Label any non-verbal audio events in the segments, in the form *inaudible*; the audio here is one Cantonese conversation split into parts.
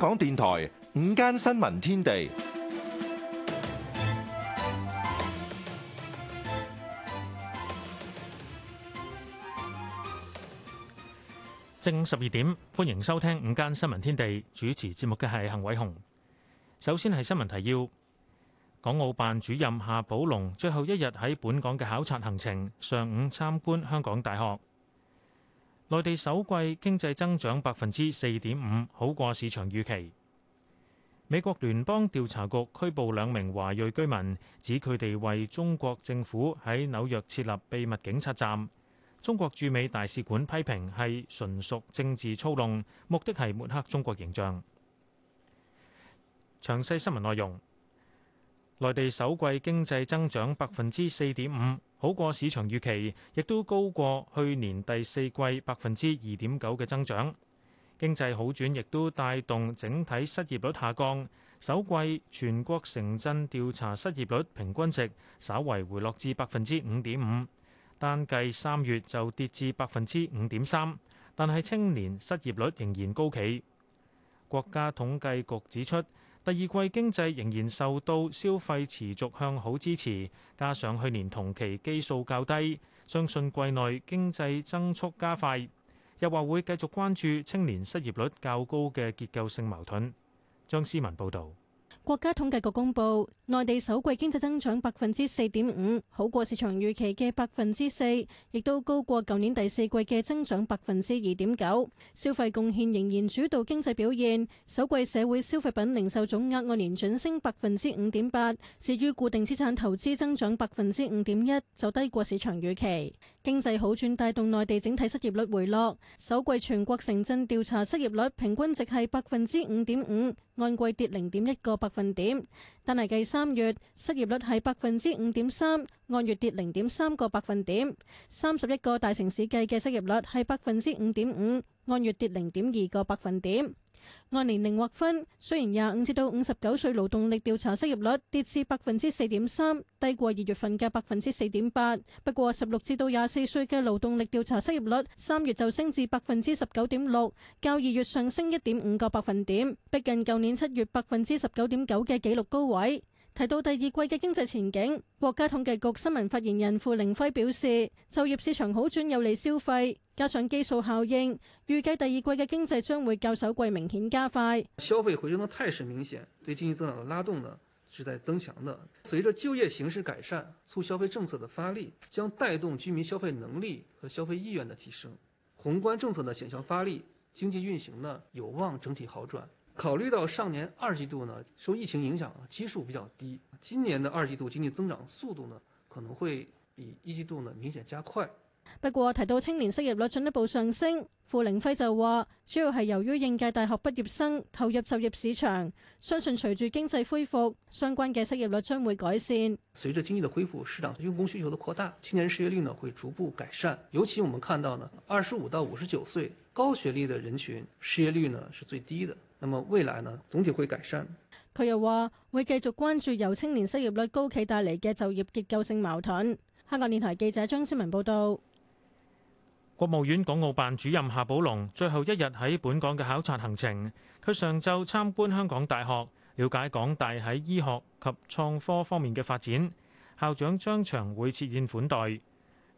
香港電台午間新聞天地，正午十二點，歡迎收聽午間新聞天地。主持節目嘅係幸偉雄。首先係新聞提要：港澳辦主任夏寶龍最後一日喺本港嘅考察行程，上午參觀香港大學。內地首季經濟增長百分之四點五，好過市場預期。美國聯邦調查局拘捕兩名華裔居民，指佢哋為中國政府喺紐約設立秘密警察站。中國駐美大使館批評係純屬政治操弄，目的係抹黑中國形象。詳細新聞內容。內地首季經濟增長百分之四點五，好過市場預期，亦都高過去年第四季百分之二點九嘅增長。經濟好轉亦都帶動整體失業率下降，首季全國城鎮調查失業率平均值稍為回落至百分之五點五，單計三月就跌至百分之五點三。但係青年失業率仍然高企。國家統計局指出，第二季經濟仍然受到消費持續向好支持，加上去年同期基數較低，相信季內經濟增速加快。又話會繼續關注青年失業率較高嘅結構性矛盾。張思文報道。國家統計局公布，內地首季經濟增長百分之四點五，好過市場預期嘅百分之四，亦都高過舊年第四季嘅增長百分之二點九。消費貢獻仍然主導經濟表現，首季社會消費品零售總額按年轉升百分之五點八。至於固定資產投資增長百分之五點一，就低過市場預期。經濟好轉帶動內地整體失業率回落，首季全國城鎮調查失業率平均值係百分之五點五。按季跌零點一個百分點，但係計三月失業率係百分之五點三，按月跌零點三個百分點。三十一個大城市計嘅失業率係百分之五點五，按月跌零點二個百分點。按年齡劃分，雖然廿五至到五十九歲勞動力調查失業率跌至百分之四點三，低過二月份嘅百分之四點八。不過十六至到廿四歲嘅勞動力調查失業率，三月就升至百分之十九點六，較二月上升一點五個百分點，逼近舊年七月百分之十九點九嘅紀錄高位。提到第二季嘅經濟前景，國家統計局新聞發言人傅凌輝表示，就業市場好轉有利消費，加上基數效應，預計第二季嘅經濟將會較首季明顯加快。消費回升的態勢明顯，對經濟增長嘅拉動呢是在增強的。隨着就業形勢改善，促消費政策的發力將帶動居民消費能力和消費意願的提升，宏觀政策的顯效發力，經濟運行呢有望整體好轉。考慮到上年二季度呢，受疫情影響啊，基數比較低，今年的二季度經濟增長速度呢，可能會比一季度呢明顯加快。不過提到青年失業率進一步上升，傅凌輝就話，主要係由於應屆大學畢業生投入就業市場，相信隨住經濟恢復，相關嘅失業率將會改善。隨着經濟的恢復，市場用工需求的擴大，青年失業率呢會逐步改善。尤其我們看到呢，二十五到五十九歲高學歷的人群失業率呢是最低的。那麼未來呢，總體會改善。佢又話會繼續關注由青年失業率高企帶嚟嘅就業結構性矛盾。香港電台記者張思文報道。國務院港澳辦主任夏寶龍最後一日喺本港嘅考察行程，佢上晝參觀香港大學，了解港大喺醫學及創科方面嘅發展，校長張翔會設宴款待。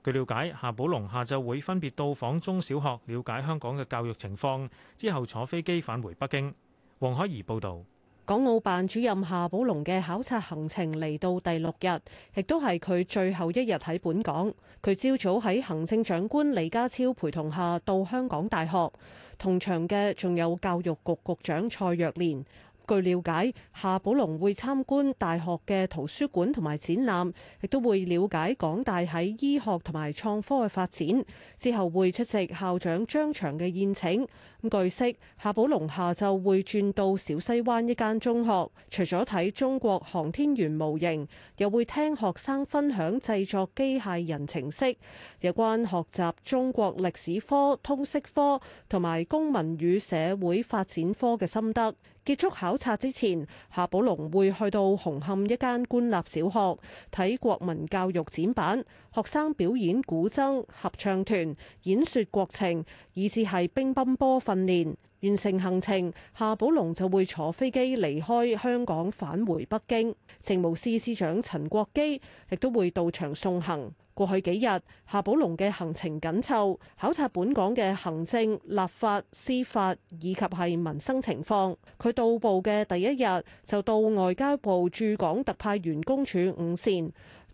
據了解，夏寶龍下晝會分別到訪中小學，了解香港嘅教育情況，之後坐飛機返回北京。黃海怡報導。港澳辦主任夏寶龍嘅考察行程嚟到第六日，亦都係佢最後一日喺本港。佢朝早喺行政長官李家超陪同下到香港大學，同場嘅仲有教育局局長蔡若蓮。據了解，夏寶龍會參觀大學嘅圖書館同埋展覽，亦都會了解港大喺醫學同埋創科嘅發展。之後會出席校長張翔嘅宴請。咁據悉，夏寶龍下晝會轉到小西灣一間中學，除咗睇中國航天員模型，又會聽學生分享製作機械人程式，有關學習中國歷史科、通識科同埋公民與社會發展科嘅心得。結束考察之前，夏寶龍會去到紅磡一間官立小學睇國民教育展板，學生表演古箏合唱團演説國情，以至係乒乓波訓練。完成行程，夏寶龍就會坐飛機離開香港返回北京。政務司司長陳國基亦都會到場送行。過去幾日，夏寶龍嘅行程緊湊，考察本港嘅行政、立法、司法以及係民生情況。佢到埗嘅第一日就到外交部駐港特派員公署午膳。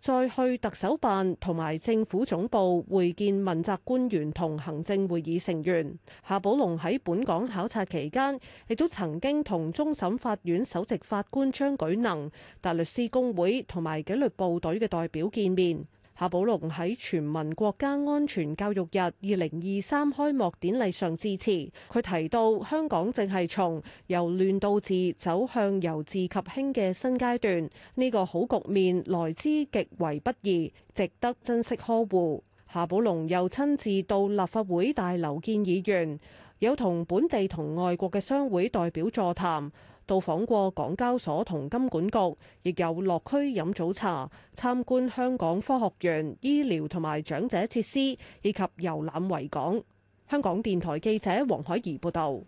再去特首辦同埋政府總部會見問責官員同行政會議成員。夏寶龍喺本港考察期間，亦都曾經同終審法院首席法官張舉能、大律師公會同埋紀律部隊嘅代表見面。夏寶龍喺全民國家安全教育日二零二三開幕典禮上致辭，佢提到香港正係從由亂到治走向由治及興嘅新階段，呢、這個好局面來之極為不易，值得珍惜呵護。夏寶龍又親自到立法會大樓見議員，有同本地同外國嘅商會代表座談。到訪過港交所同金管局，亦有落區飲早茶、參觀香港科學園、醫療同埋長者設施，以及遊覽維港。香港電台記者黃海怡報導。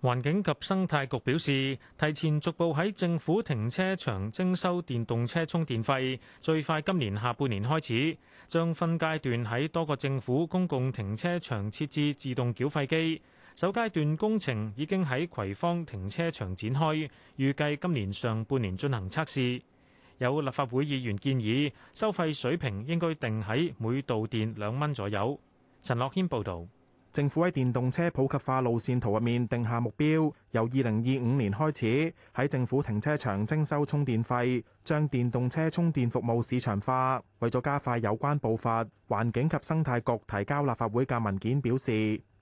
環境及生態局表示，提前逐步喺政府停車場徵收電動車充電費，最快今年下半年開始，將分階段喺多個政府公共停車場設置自動繳費機。首階段工程已經喺葵芳停車場展開，預計今年上半年進行測試。有立法會議員建議，收費水平應該定喺每度電兩蚊左右。陳樂軒報導。政府喺電動車普及化路線圖入面定下目標，由二零二五年開始喺政府停車場徵收充電費，將電動車充電服務市場化。為咗加快有關步伐，環境及生態局提交立法會嘅文件表示，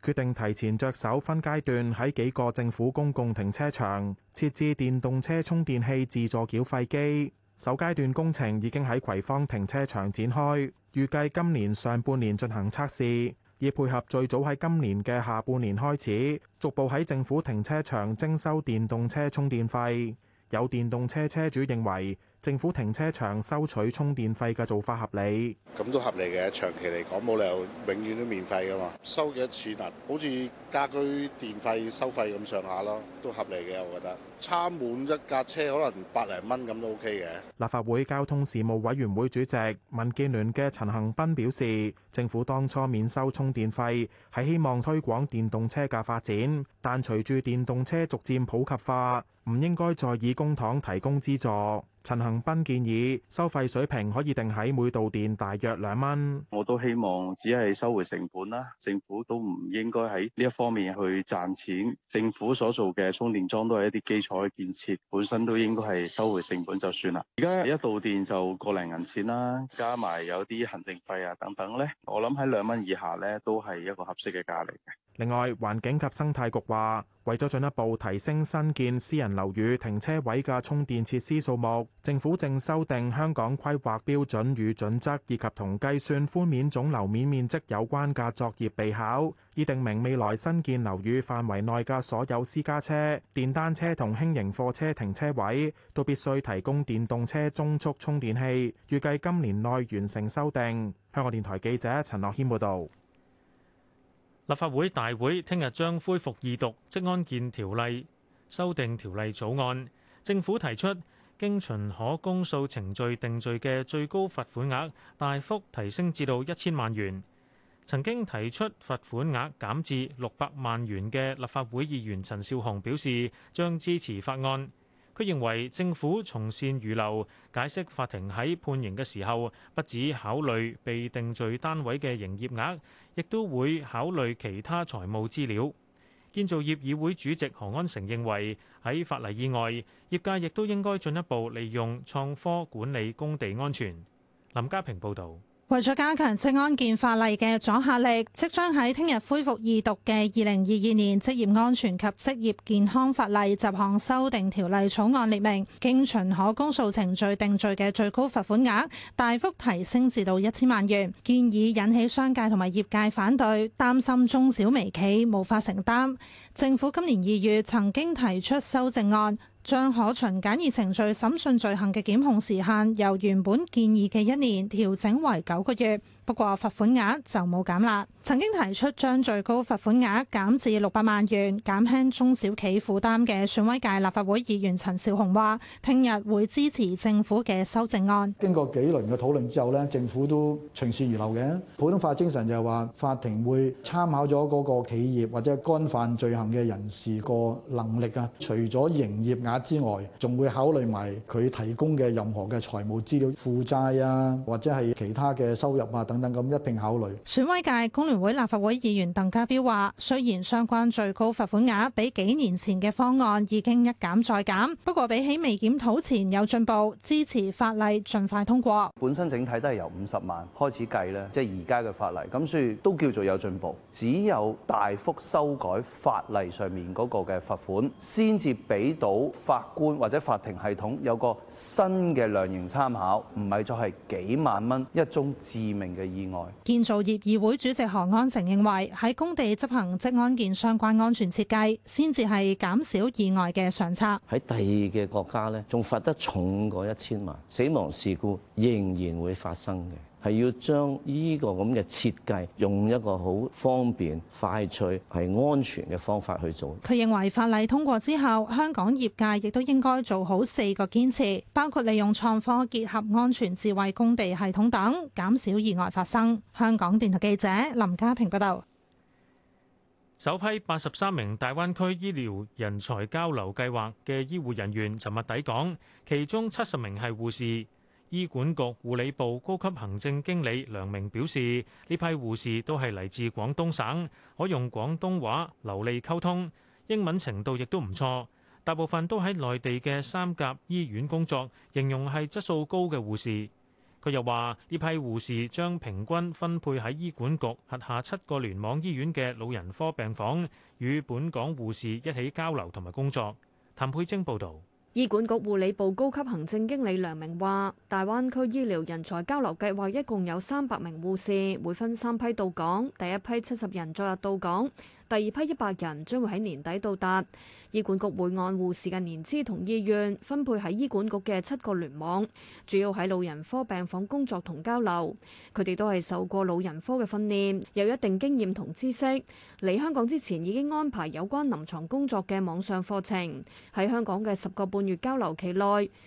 決定提前着手分階段喺幾個政府公共停車場設置電動車充電器自助繳費機。首階段工程已經喺葵芳停車場展開，預計今年上半年進行測試。以配合最早喺今年嘅下半年開始，逐步喺政府停車場徵收電動車充電費，有電動車車主認為政府停車場收取充電費嘅做法合理。咁都合理嘅，長期嚟講冇理由永遠都免費噶嘛。收一次好似家居電費收費咁上下咯，都合理嘅，我覺得。差滿一架車，可能百零蚊咁都 OK 嘅。立法會交通事務委員會主席、民建聯嘅陳恒斌表示，政府當初免收充電費係希望推廣電動車嘅發展，但隨住電動車逐漸普及化，唔應該再以公帑提供資助。陳恒斌建議收費水平可以定喺每度電大約兩蚊。我都希望只係收回成本啦，政府都唔應該喺呢一方面去賺錢。政府所做嘅充電樁都係一啲基礎。我嘅建設本身都應該係收回成本就算啦。而家一度電就個零銀錢啦，加埋有啲行政費啊等等咧，我諗喺兩蚊以下咧都係一個合適嘅價嚟嘅。另外，環境及生態局話，為咗進一步提升新建私人樓宇停車位嘅充電設施數目，政府正修訂香港規劃標準與準則，以及同計算寬免總樓面面積有關嘅作業備考，以定明未來新建樓宇範圍內嘅所有私家車、電單車同輕型貨車停車位都必須提供電動車中速充電器。預計今年內完成修訂。香港電台記者陳樂軒報道。立法會大會聽日將恢復二讀《職安健條例》修訂條例草案，政府提出經循可公訴程序定罪嘅最高罰款額大幅提升至到一千萬元。曾經提出罰款額減至六百萬元嘅立法會議員陳紹雄表示，將支持法案。佢認為政府從善如流，解釋法庭喺判刑嘅時候，不止考慮被定罪單位嘅營業額，亦都會考慮其他財務資料。建造業議會主席何安成認為喺法例以外，業界亦都應該進一步利用創科管理工地安全。林家平報道。為咗加強職安健法例嘅阻吓力，即將喺聽日恢復二讀嘅二零二二年職業安全及職業健康法例雜項修訂條例草案，列明經循可公訴程序定罪嘅最高罰款額大幅提升至到一千萬元，建議引起商界同埋業界反對，擔心中小微企無法承擔。政府今年二月曾經提出修正案。將可循簡易程序審訊罪行嘅檢控時限由原本建議嘅一年調整為九個月，不過罰款額就冇減啦。曾經提出將最高罰款額減至六百萬元，減輕中小企負擔嘅選委界立法會議員陳少雄話，聽日會支持政府嘅修正案。經過幾輪嘅討論之後咧，政府都從善如流嘅。普通法精神就係話，法庭會參考咗嗰個企業或者幹犯罪行嘅人士個能力啊，除咗營業額，之外，仲會考慮埋佢提供嘅任何嘅財務資料、負債啊，或者係其他嘅收入啊等等，咁一併考慮。選委界工聯會立法會議員鄧家彪話，雖然相關最高罰款額比幾年前嘅方案已經一減再減，不過比起未檢討前有進步，支持法例盡快通過。本身整體都係由五十萬開始計咧，即係而家嘅法例，咁所以都叫做有進步。只有大幅修改法例上面嗰個嘅罰款，先至俾到。法官或者法庭系統有個新嘅量刑參考，唔係再係幾萬蚊一宗致命嘅意外。建造業議會主席何安成認為，喺工地執行職安健相關安全設計先至係減少意外嘅上策。喺第二嘅國家咧，仲罰得重過一千萬，死亡事故仍然會發生嘅。係要將依個咁嘅設計，用一個好方便、快脆、係安全嘅方法去做。佢認為法例通過之後，香港業界亦都應該做好四個堅持，包括利用創科結合安全智慧工地系統等，減少意外發生。香港電台記者林家平報道。首批八十三名大灣區醫療人才交流計劃嘅醫護人員尋日抵港，其中七十名係護士。醫管局護理部高級行政經理梁明表示，呢批護士都係嚟自廣東省，可用廣東話流利溝通，英文程度亦都唔錯，大部分都喺內地嘅三甲醫院工作，形容係質素高嘅護士。佢又話，呢批護士將平均分配喺醫管局轄下七個聯網醫院嘅老人科病房，與本港護士一起交流同埋工作。譚佩晶報道。醫管局護理部高級行政經理梁明話：大灣區醫療人才交流計劃一共有三百名護士，會分三批到港，第一批七十人昨日到港。第二批一百人將會喺年底到達，醫管局會按護士嘅年資同醫院分配喺醫管局嘅七個聯網，主要喺老人科病房工作同交流。佢哋都係受過老人科嘅訓練，有一定經驗同知識。嚟香港之前已經安排有關臨牀工作嘅網上課程。喺香港嘅十個半月交流期內，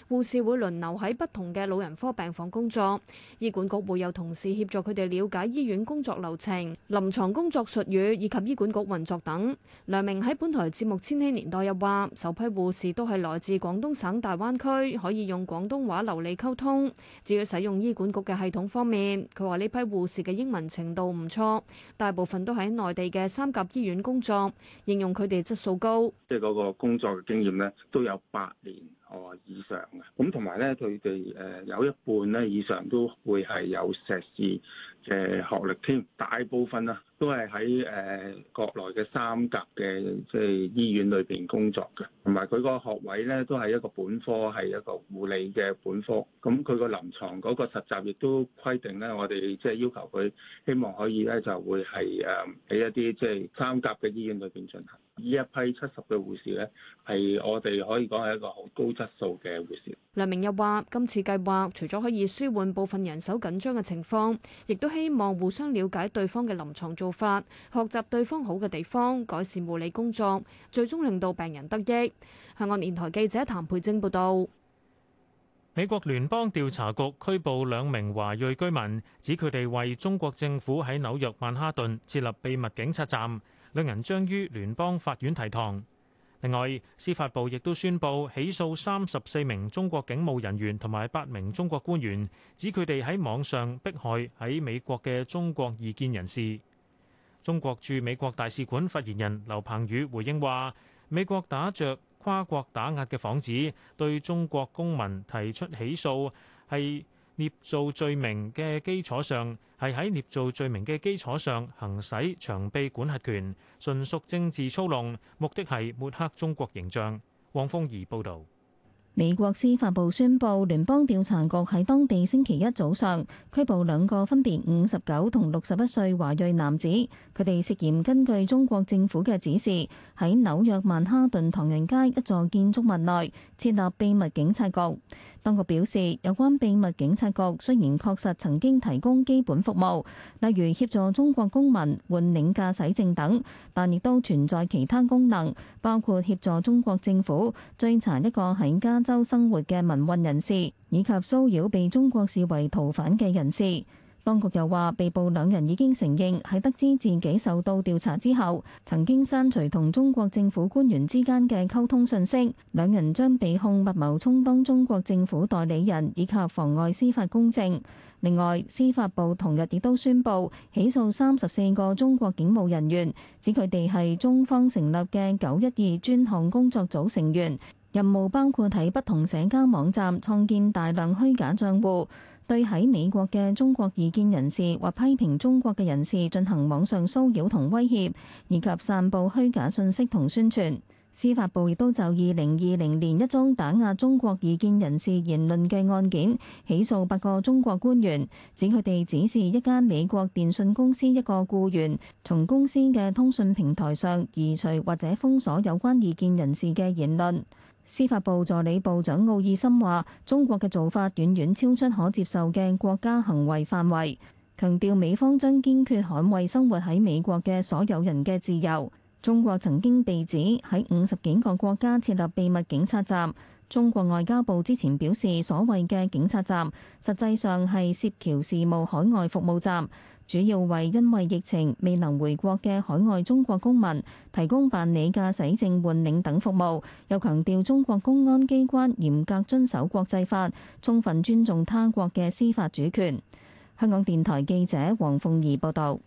護士會輪流喺不同嘅老人科病房工作。醫管局會有同事協助佢哋了解醫院工作流程、臨牀工作術語以及醫管局運作等。梁明喺本台節目《千禧年代》又話，首批護士都係來自廣東省大灣區，可以用廣東話流利溝通。至於使用醫管局嘅系統方面，佢話呢批護士嘅英文程度唔錯，大部分都喺內地嘅三甲醫院工作，應用佢哋質素高。即係嗰個工作嘅經驗咧，都有八年哦以上嘅。咁同埋咧，佢哋誒有一半咧以上都會係有碩士嘅學歷添，大部分啦。都係喺誒國內嘅三甲嘅即係醫院裏邊工作嘅，同埋佢個學位咧都係一個本科，係一個護理嘅本科。咁佢個臨床嗰個實習亦都規定咧，我哋即係要求佢希望可以咧就會係誒喺一啲即係三甲嘅醫院裏邊進行。呢一批七十嘅護士咧，係我哋可以講係一個好高質素嘅護士。梁明又話，今次計劃除咗可以舒緩部分人手緊張嘅情況，亦都希望互相了解對方嘅臨床做法學習對方好嘅地方，改善護理工作，最終令到病人得益。香港電台記者譚佩晶報道：美國聯邦調查局拘捕兩名華裔居民，指佢哋為中國政府喺紐約曼哈頓設立秘密警察站。兩人將於聯邦法院提堂。另外，司法部亦都宣佈起訴三十四名中國警務人員同埋八名中國官員，指佢哋喺網上迫害喺美國嘅中國異見人士。中國駐美國大使館發言人劉鵬宇回應話，美國打着跨國打壓嘅幌子，對中國公民提出起訴，係捏造罪名嘅基礎上，係喺捏造罪名嘅基礎上行使長臂管轄權，純屬政治操弄，目的係抹黑中國形象。黃鳳儀報道。美國司法部宣布，聯邦調查局喺當地星期一早上拘捕兩個分別五十九同六十一歲華裔男子，佢哋涉嫌根據中國政府嘅指示，喺紐約曼哈頓唐人街一座建築物內設立秘密警察局。當局表示，有關秘密警察局雖然確實曾經提供基本服務，例如協助中國公民換領駕駛證等，但亦都存在其他功能，包括協助中國政府追查一個喺加州生活嘅民運人士，以及騷擾被中國視為逃犯嘅人士。當局又話，被捕兩人已經承認喺得知自己受到調查之後，曾經刪除同中國政府官員之間嘅溝通信息。兩人將被控密謀充當中國政府代理人以及妨礙司法公正。另外，司法部同日亦都宣布起訴三十四個中國警務人員，指佢哋係中方成立嘅九一二專項工作組成員，任務包括喺不同社交網站創建大量虛假賬戶。對喺美國嘅中國異見人士或批評中國嘅人士進行網上騷擾同威脅，以及散布虛假信息同宣傳。司法部亦都就二零二零年一宗打壓中國異見人士言論嘅案件，起訴八個中國官員，指佢哋指示一家美國電訊公司一個僱員，從公司嘅通訊平台上移除或者封鎖有關異見人士嘅言論。司法部助理部長奧爾森話，中國嘅做法遠遠超出可接受嘅國家行為範圍，強調美方將堅決捍衛生活喺美國嘅所有人嘅自由。中國曾經被指喺五十幾個國家設立秘密警察站，中國外交部之前表示，所謂嘅警察站實際上係涉僑事務海外服務站。主要為因為疫情未能回國嘅海外中國公民提供辦理駕駛證換領等服務，又強調中國公安機關嚴格遵守國際法，充分尊重他國嘅司法主權。香港電台記者黃鳳儀報導。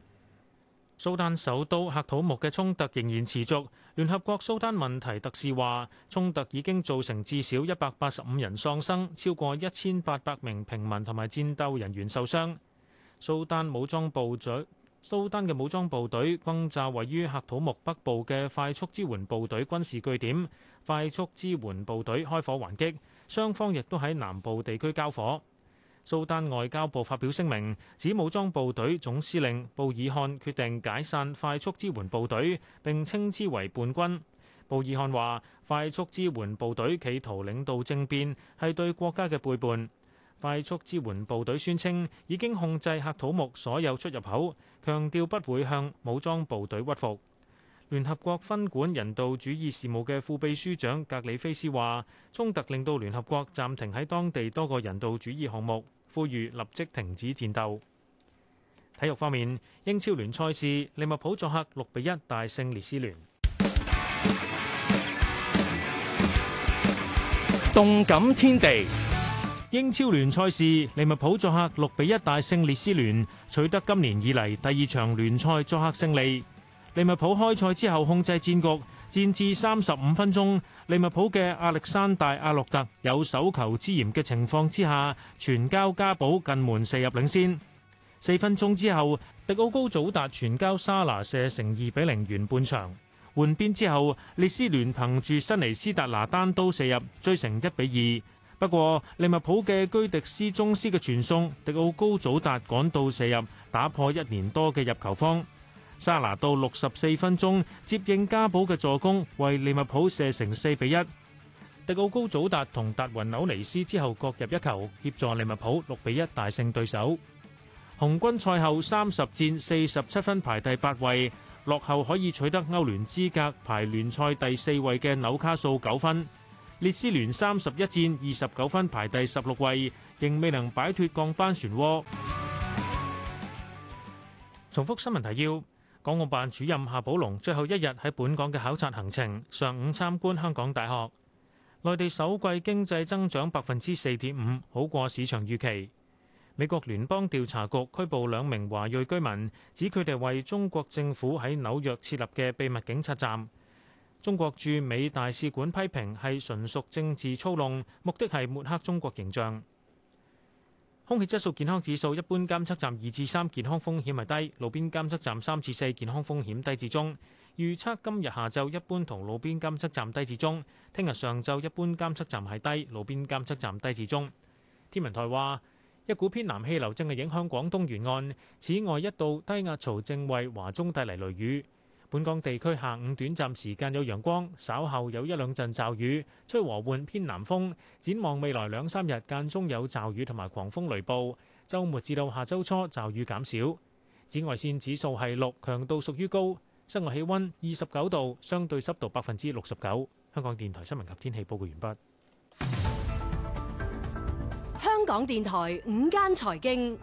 蘇丹首都喀土穆嘅衝突仍然持續。聯合國蘇丹問題特使話，衝突已經造成至少一百八十五人喪生，超過一千八百名平民同埋戰鬥人員受傷。蘇丹武裝部隊，蘇丹嘅武裝部隊轟炸位於喀土穆北部嘅快速支援部隊軍事據點，快速支援部隊開火還擊，雙方亦都喺南部地區交火。蘇丹外交部發表聲明，指武裝部隊總司令布爾漢決定解散快速支援部隊，並稱之為叛軍。布爾漢話：快速支援部隊企圖領,領導政變，係對國家嘅背叛。快速支援部隊宣稱已經控制喀土穆所有出入口，強調不會向武裝部隊屈服。聯合國分管人道主義事務嘅副秘書長格里菲斯話，衝突令到聯合國暫停喺當地多個人道主義項目，呼籲立即停止戰鬥。體育方面，英超聯賽事利物浦作客六比一大勝列斯聯。動感天地。英超聯賽事，利物浦作客六比一大勝列斯聯，取得今年以嚟第二場聯賽作客勝利。利物浦開賽之後控制戰局，戰至三十五分鐘，利物浦嘅亞歷山大阿諾特有手球之嫌嘅情況之下，傳交加保近門射入領先。四分鐘之後，迪奧高祖達傳交沙拿射成二比零完半場。換邊之後，列斯聯憑住新尼斯達拿單刀射入追成一比二。不過利物浦嘅居迪斯宗斯嘅傳送，迪奧高祖達趕到射入，打破一年多嘅入球荒。沙拿到六十四分鐘接應加保嘅助攻，為利物浦射成四比一。迪奧高祖達同達雲紐尼斯之後各入一球，協助利物浦六比一大勝對手。紅軍賽後三十戰四十七分排第八位，落後可以取得歐聯資格，排聯賽第四位嘅紐卡素九分。列斯聯三十一戰二十九分排第十六位，仍未能擺脫降班漩渦。重複新聞提要：港澳辦主任夏寶龍最後一日喺本港嘅考察行程，上午參觀香港大學。內地首季經濟增長百分之四點五，好過市場預期。美國聯邦調查局拘捕兩名華裔居民，指佢哋為中國政府喺紐約設立嘅秘密警察站。中國駐美大使館批評係純屬政治操弄，目的係抹黑中國形象。空氣質素健康指數，一般監測站二至三，健康風險係低；路邊監測站三至四，健康風險低至中。預測今日下晝一般同路邊監測站低至中，聽日上晝一般監測站係低，路邊監測站低至中。天文台話，一股偏南氣流正係影響廣東沿岸，此外一道低壓槽正為華中帶嚟雷雨。本港地區下午短暫時間有陽光，稍後有一兩陣驟雨，吹和緩偏南風。展望未來兩三日間中有驟雨同埋狂風雷暴，周末至到下周初驟雨減少。紫外線指數係六，強度屬於高。室外氣溫二十九度，相對濕度百分之六十九。香港電台新聞及天氣報告完畢。香港電台午間財經。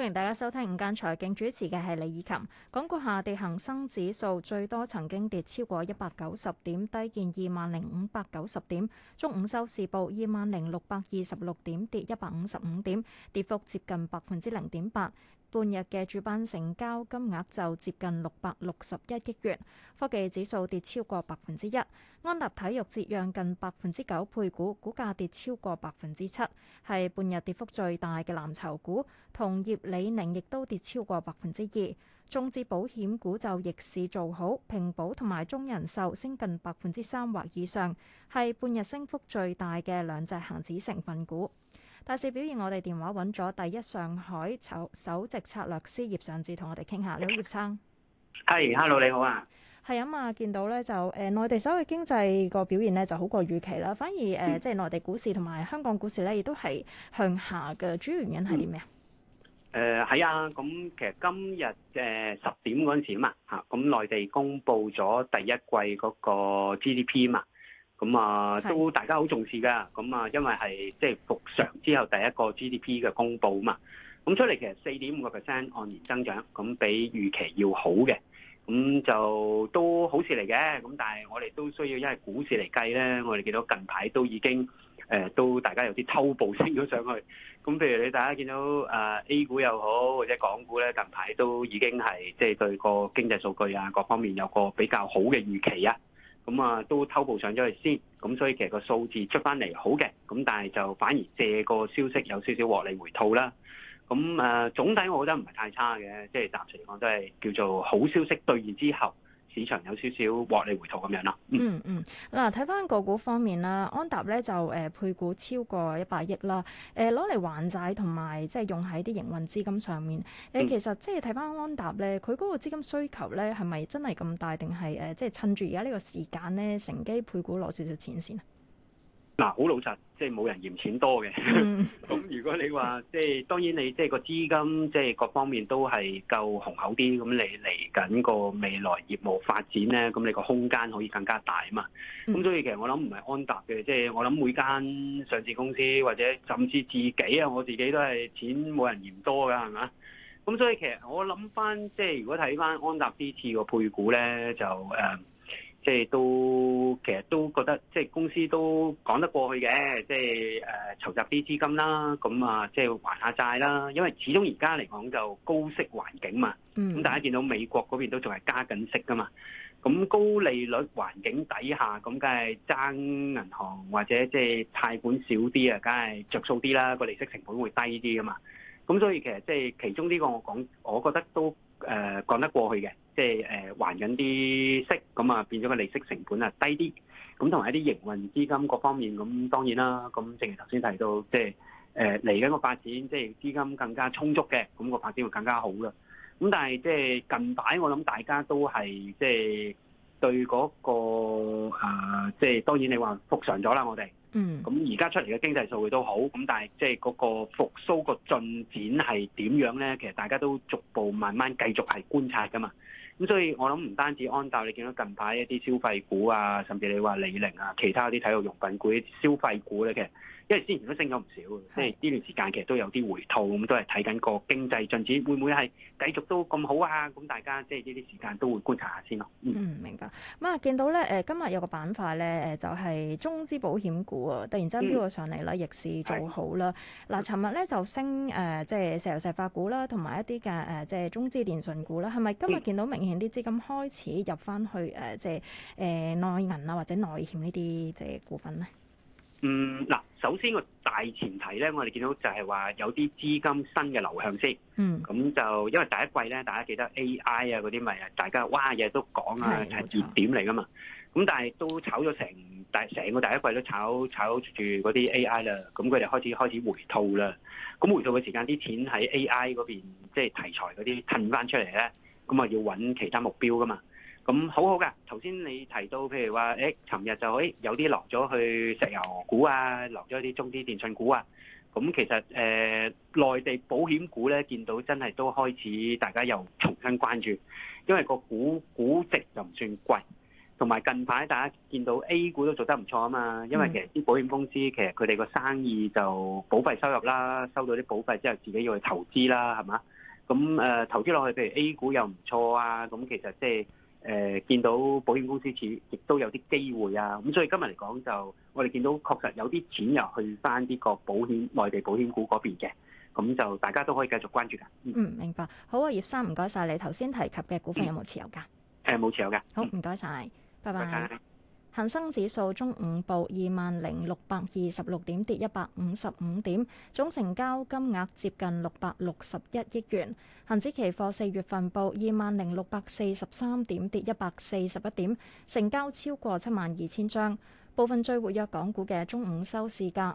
歡迎大家收聽《午間財經》，主持嘅係李以琴。港股下跌，恒生指數最多曾經跌超過一百九十點，低見二萬零五百九十點。中午收市報二萬零六百二十六點，跌一百五十五點，跌幅接近百分之零點八。半日嘅主板成交金額就接近六百六十一億元，科技指數跌超過百分之一，安踏體育折讓近百分之九配股，股價跌超過百分之七，係半日跌幅最大嘅藍籌股。同業李寧亦都跌超過百分之二，中資保險股就逆市做好，平保同埋中人壽升近百分之三或以上，係半日升幅最大嘅兩隻恆指成分股。大市表現，我哋電話揾咗第一上海首首席策略師葉尚志同我哋傾下。Hi, Hello，你好，葉生。係，Hello，你好啊。係啊嘛，見到咧就誒、呃，內地首季經濟個表現咧就好過預期啦。反而誒，呃嗯、即係內地股市同埋香港股市咧，亦都係向下嘅。主要原因係啲咩啊？誒係啊，咁、呃、其實今日嘅十點嗰陣時啊嘛嚇，咁內地公布咗第一季嗰個 GDP 嘛。咁啊、嗯，都大家好重視㗎。咁、嗯、啊，因為係即係復常之後第一個 GDP 嘅公佈嘛。咁、嗯、出嚟其實四點五個 percent 按年增長，咁、嗯、比預期要好嘅。咁、嗯、就都好事嚟嘅。咁、嗯、但係我哋都需要，因為股市嚟計咧，我哋見到近排都已經誒、呃，都大家有啲偷步升咗上去。咁、嗯、譬如你大家見到啊 A 股又好，或者港股咧，近排都已經係即係對個經濟數據啊各方面有個比較好嘅預期啊。咁啊、嗯，都偷步上咗去先，咁、嗯、所以其實個數字出翻嚟好嘅，咁、嗯、但係就反而借個消息有少少獲利回吐啦。咁、嗯、誒、呃，總體我覺得唔係太差嘅，即係暫時嚟講都係叫做好消息兌現之後。市場有少少獲利回吐咁樣啦。嗯嗯，嗱，睇翻個股方面啦，安踏咧就誒配股超過一百億啦。誒攞嚟還債同埋即係用喺啲營運資金上面。誒其實即係睇翻安踏咧，佢嗰個資金需求咧係咪真係咁大，定係誒即係趁住而家呢個時間咧，乘機配股攞少少錢先？嗱，好、啊、老實，即係冇人嫌錢多嘅。咁 *laughs* 如果你話，即係當然你即係個資金，即係各方面都係夠雄厚啲。咁你嚟緊個未來業務發展咧，咁你個空間可以更加大啊嘛。咁所以其實我諗唔係安踏嘅，即係我諗每間上市公司或者甚至自己啊，我自己都係錢冇人嫌多噶，係嘛？咁所以其實我諗翻，即係如果睇翻安踏呢次個配股咧，就誒。呃即係都其實都覺得即係公司都講得過去嘅，即係誒籌集啲資金啦，咁啊即係還下債啦。因為始終而家嚟講就高息環境嘛，咁、嗯、大家見到美國嗰邊都仲係加緊息㗎嘛，咁高利率環境底下，咁梗係爭銀行或者即係貸款少啲啊，梗係着數啲啦，個利息成本會低啲㗎嘛。咁所以其實即係其中呢個我講，我覺得都。誒講得過去嘅，即係誒還緊啲息，咁啊變咗個利息成本啊低啲，咁同埋一啲營運資金各方面，咁當然啦，咁正如頭先提到，即係誒嚟緊個發展，即係資金更加充足嘅，咁個發展會更加好啦。咁但係即係近排，我諗大家都係即係對嗰個啊，即係當然你話復常咗啦，我哋。嗯，咁而家出嚟嘅經濟數據都好，咁但係即係嗰個復甦個進展係點樣咧？其實大家都逐步慢慢繼續係觀察噶嘛。咁所以，我諗唔單止安踏，你見到近排一啲消費股啊，甚至你話李寧啊，其他啲體育用品股、啲消費股咧，其實因為之前都升咗唔少，即係呢段時間其實都有啲回吐，咁都係睇緊個經濟進展會唔會係繼續都咁好啊？咁大家即係呢啲時間都會觀察下先咯。嗯，嗯，明白。咁、嗯、啊，見到咧，誒今日有個板塊咧，誒就係、是、中資保險股啊，突然之間飆咗上嚟啦，嗯、逆市做好啦。嗱是，尋日咧就升誒，即係石油石化股啦，同埋一啲嘅誒，即係中資電訊股啦。係咪今日見到明顯？啲資金開始入翻去誒，即係誒內銀啊或者內險呢啲即係股份咧。嗯，嗱，首先個大前提咧，我哋見到就係話有啲資金新嘅流向先。嗯。咁就因為第一季咧，大家記得 A I 啊嗰啲咪啊，大家哇日都講啊，係熱點嚟噶嘛。咁但係都炒咗成大成個第一季都炒炒住嗰啲 A I 啦。咁佢哋開始開始回吐啦。咁回吐嘅時間，啲錢喺 A I 嗰邊，即係題材嗰啲褪翻出嚟咧。咁啊，要揾其他目標噶嘛？咁好好噶。頭先你提到，譬如話，誒、欸，尋日就誒、欸、有啲落咗去石油股啊，落咗啲中資電信股啊。咁其實誒、呃，內地保險股咧，見到真係都開始大家又重新關注，因為個股估值就唔算貴，同埋近排大家見到 A 股都做得唔錯啊嘛。因為其實啲保險公司其實佢哋個生意就保費收入啦，收到啲保費之後，自己要去投資啦，係嘛？咁誒投資落去，譬如 A 股又唔錯啊。咁其實即係誒見到保險公司似亦都有啲機會啊。咁所以今日嚟講，就我哋見到確實有啲錢又去翻呢個保險、內地保險股嗰邊嘅，咁就大家都可以繼續關注嘅。嗯，明白。好啊，葉生，唔該晒你頭先提及嘅股份有冇持有㗎？誒，冇持有㗎。好，唔該晒，拜拜。恒生指數中午報二萬零六百二十六點，跌一百五十五點，總成交金額接近六百六十一億元。恒指期貨四月份報二萬零六百四十三點，跌一百四十一點，成交超過七萬二千張。部分最活躍港股嘅中午收市價。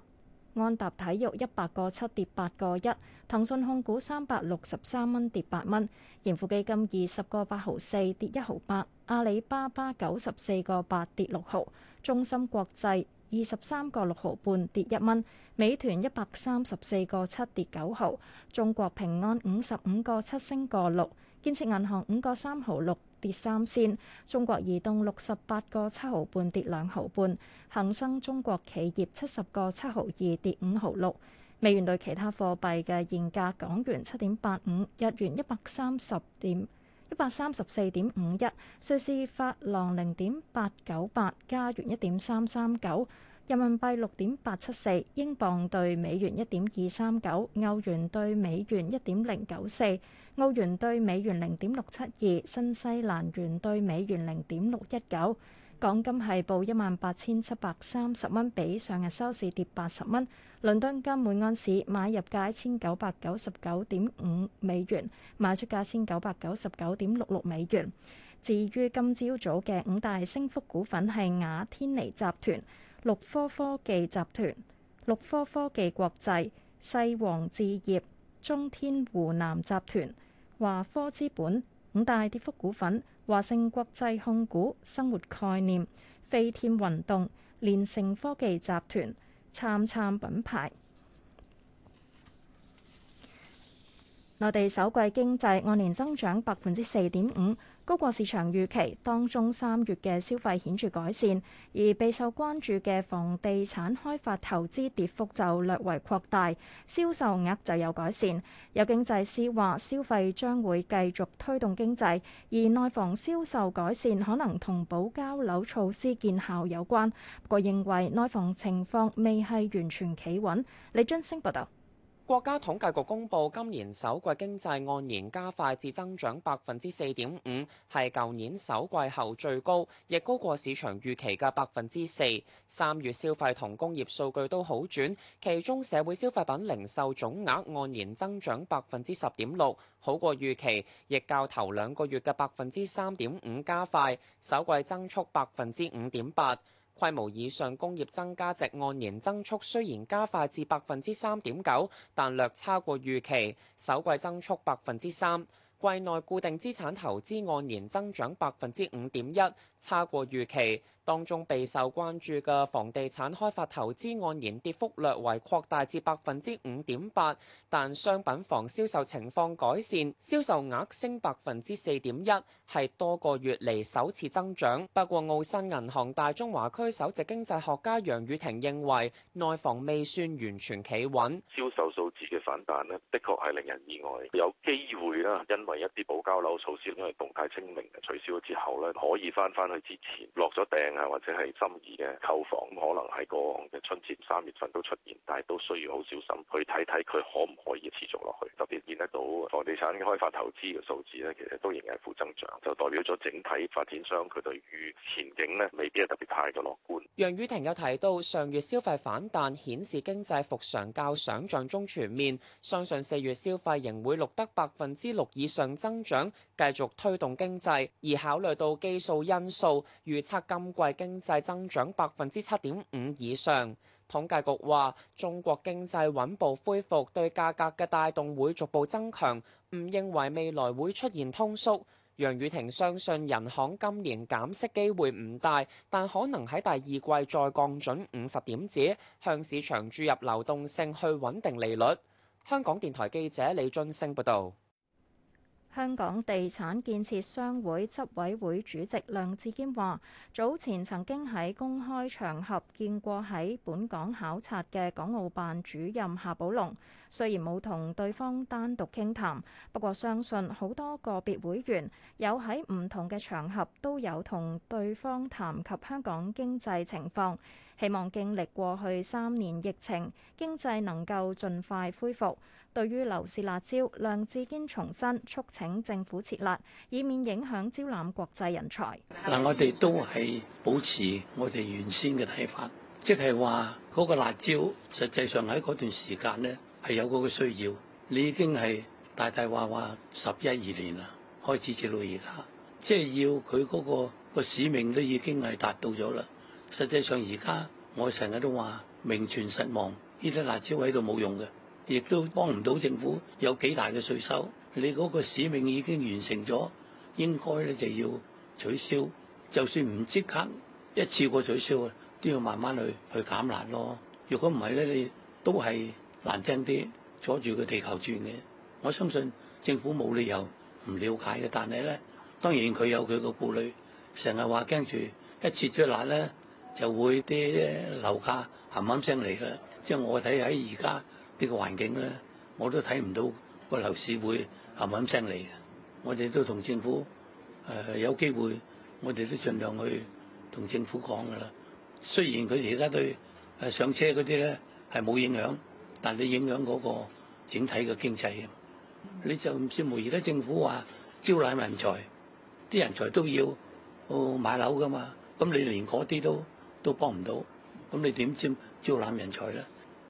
安踏體育一百個七跌八個一，騰訊控股三百六十三蚊跌八蚊，盈富基金二十個八毫四跌一毫八，8, 阿里巴巴九十四個八跌六毫，6, 中芯國際二十三個六毫半跌一蚊，1. 美團一百三十四個七跌九毫，9, 中國平安五十五個七升個六，6, 建設銀行五個三毫六。6, 跌三仙，中國移動六十八個七毫半跌兩毫半，恒生中國企業七十個七毫二跌五毫六，美元兌其他貨幣嘅現價：港元七點八五，日元一百三十點一百三十四點五一，瑞士法郎零點八九八，加元一點三三九，人民幣六點八七四，英鎊兌美元一點二三九，歐元兌美元一點零九四。澳元兌美元零點六七二，新西蘭元兌美元零點六一九，港金係報一萬八千七百三十蚊，比上日收市跌八十蚊。倫敦金每安士買入價一千九百九十九點五美元，賣出價一千九百九十九點六六美元。至於今朝早嘅五大升幅股份係雅天尼集團、綠科科技集團、綠科科技國際、西王置業、中天湖南集團。華科資本。五大跌幅股份，華盛國際控股、生活概念、飛天運動、聯盛科技集團、杉杉品牌。內地首季經濟按年增長百分之四點五。高過市場預期，當中三月嘅消費顯著改善，而備受關注嘅房地產開發投資跌幅就略為擴大，銷售額就有改善。有經濟師話消費將會繼續推動經濟，而內房銷售改善可能同保交樓措施見效有關。不過認為內房情況未係完全企穩。李津升報道。國家統計局公布今年首季經濟按年加快至增長百分之四點五，係舊年首季後最高，亦高過市場預期嘅百分之四。三月消費同工業數據都好轉，其中社會消費品零售總額按年增長百分之十點六，好過預期，亦較頭兩個月嘅百分之三點五加快，首季增速百分之五點八。規模以上工業增加值按年增速雖然加快至百分之三點九，但略差過預期。首季增速百分之三，季內固定資產投資按年增長百分之五點一。差過預期，當中備受關注嘅房地產開發投資按年跌幅略為擴大至百分之五點八，但商品房銷售情況改善，銷售額升百分之四點一，係多個月嚟首次增長。不過，澳新銀行大中華區首席經濟學家楊雨婷認為，內房未算完全企穩，銷售數字嘅反彈呢，的確係令人意外，有機會啦，因為一啲保交樓措施，因為動態清零取消咗之後呢，可以返返。之前落咗訂啊，或者係心儀嘅購房，可能喺過往嘅春節三月份都出現，但係都需要好小心去睇睇佢可唔可以持續落去。特別見得到房地產開發投資嘅數字咧，其實都仍然係負增長，就代表咗整體發展商佢對於前景咧，未必係特別太過樂觀。楊雨婷又提到，上月消費反彈顯示經濟復常較想象中全面，相信四月消費仍會錄得百分之六以上增長，繼續推動經濟，而考慮到基數因素。預測今季經濟增長百分之七點五以上。統計局話，中國經濟穩步恢復，對價格嘅帶動會逐步增強，唔認為未來會出現通縮。楊雨婷相信人行今年減息機會唔大，但可能喺第二季再降準五十點子，向市場注入流動性去穩定利率。香港電台記者李津升報道。香港地產建設商會執委會主席梁志堅話，早前曾經喺公開場合見過喺本港考察嘅港澳辦主任夏寶龍，雖然冇同對方單獨傾談，不過相信好多個別會員有喺唔同嘅場合都有同對方談及香港經濟情況。希望經歷過去三年疫情，經濟能夠盡快恢復。對於樓市辣招，梁志堅重申促請政府撤辣，以免影響招攬國際人才。嗱、嗯，我哋都係保持我哋原先嘅睇法，即係話嗰個辣招實際上喺嗰段時間呢係有嗰個需要。你已經係大大話話十一二年啦，開始至到而家，即係要佢嗰、嗰個使命都已經係達到咗啦。實際上而家我成日都話名存實亡，呢啲辣招喺度冇用嘅，亦都幫唔到政府有幾大嘅稅收。你嗰個使命已經完成咗，應該咧就要取消。就算唔即刻一次過取消，都要慢慢去去減辣咯。如果唔係咧，你都係難聽啲阻住個地球轉嘅。我相信政府冇理由唔了解嘅，但係咧當然佢有佢嘅顧慮，成日話驚住一次撤辣咧。就會啲樓價冚啱聲嚟啦。即係我睇喺而家呢個環境咧，我都睇唔到個樓市會冚啱聲嚟嘅。我哋都同政府誒、呃、有機會，我哋都盡量去同政府講㗎啦。雖然佢哋而家對誒上車嗰啲咧係冇影響，但係你影響嗰個整體嘅經濟嘅。你就唔知無，而家政府話招攬人才，啲人才都要買樓㗎嘛。咁你連嗰啲都～都幫唔到，咁你點招招攬人才咧？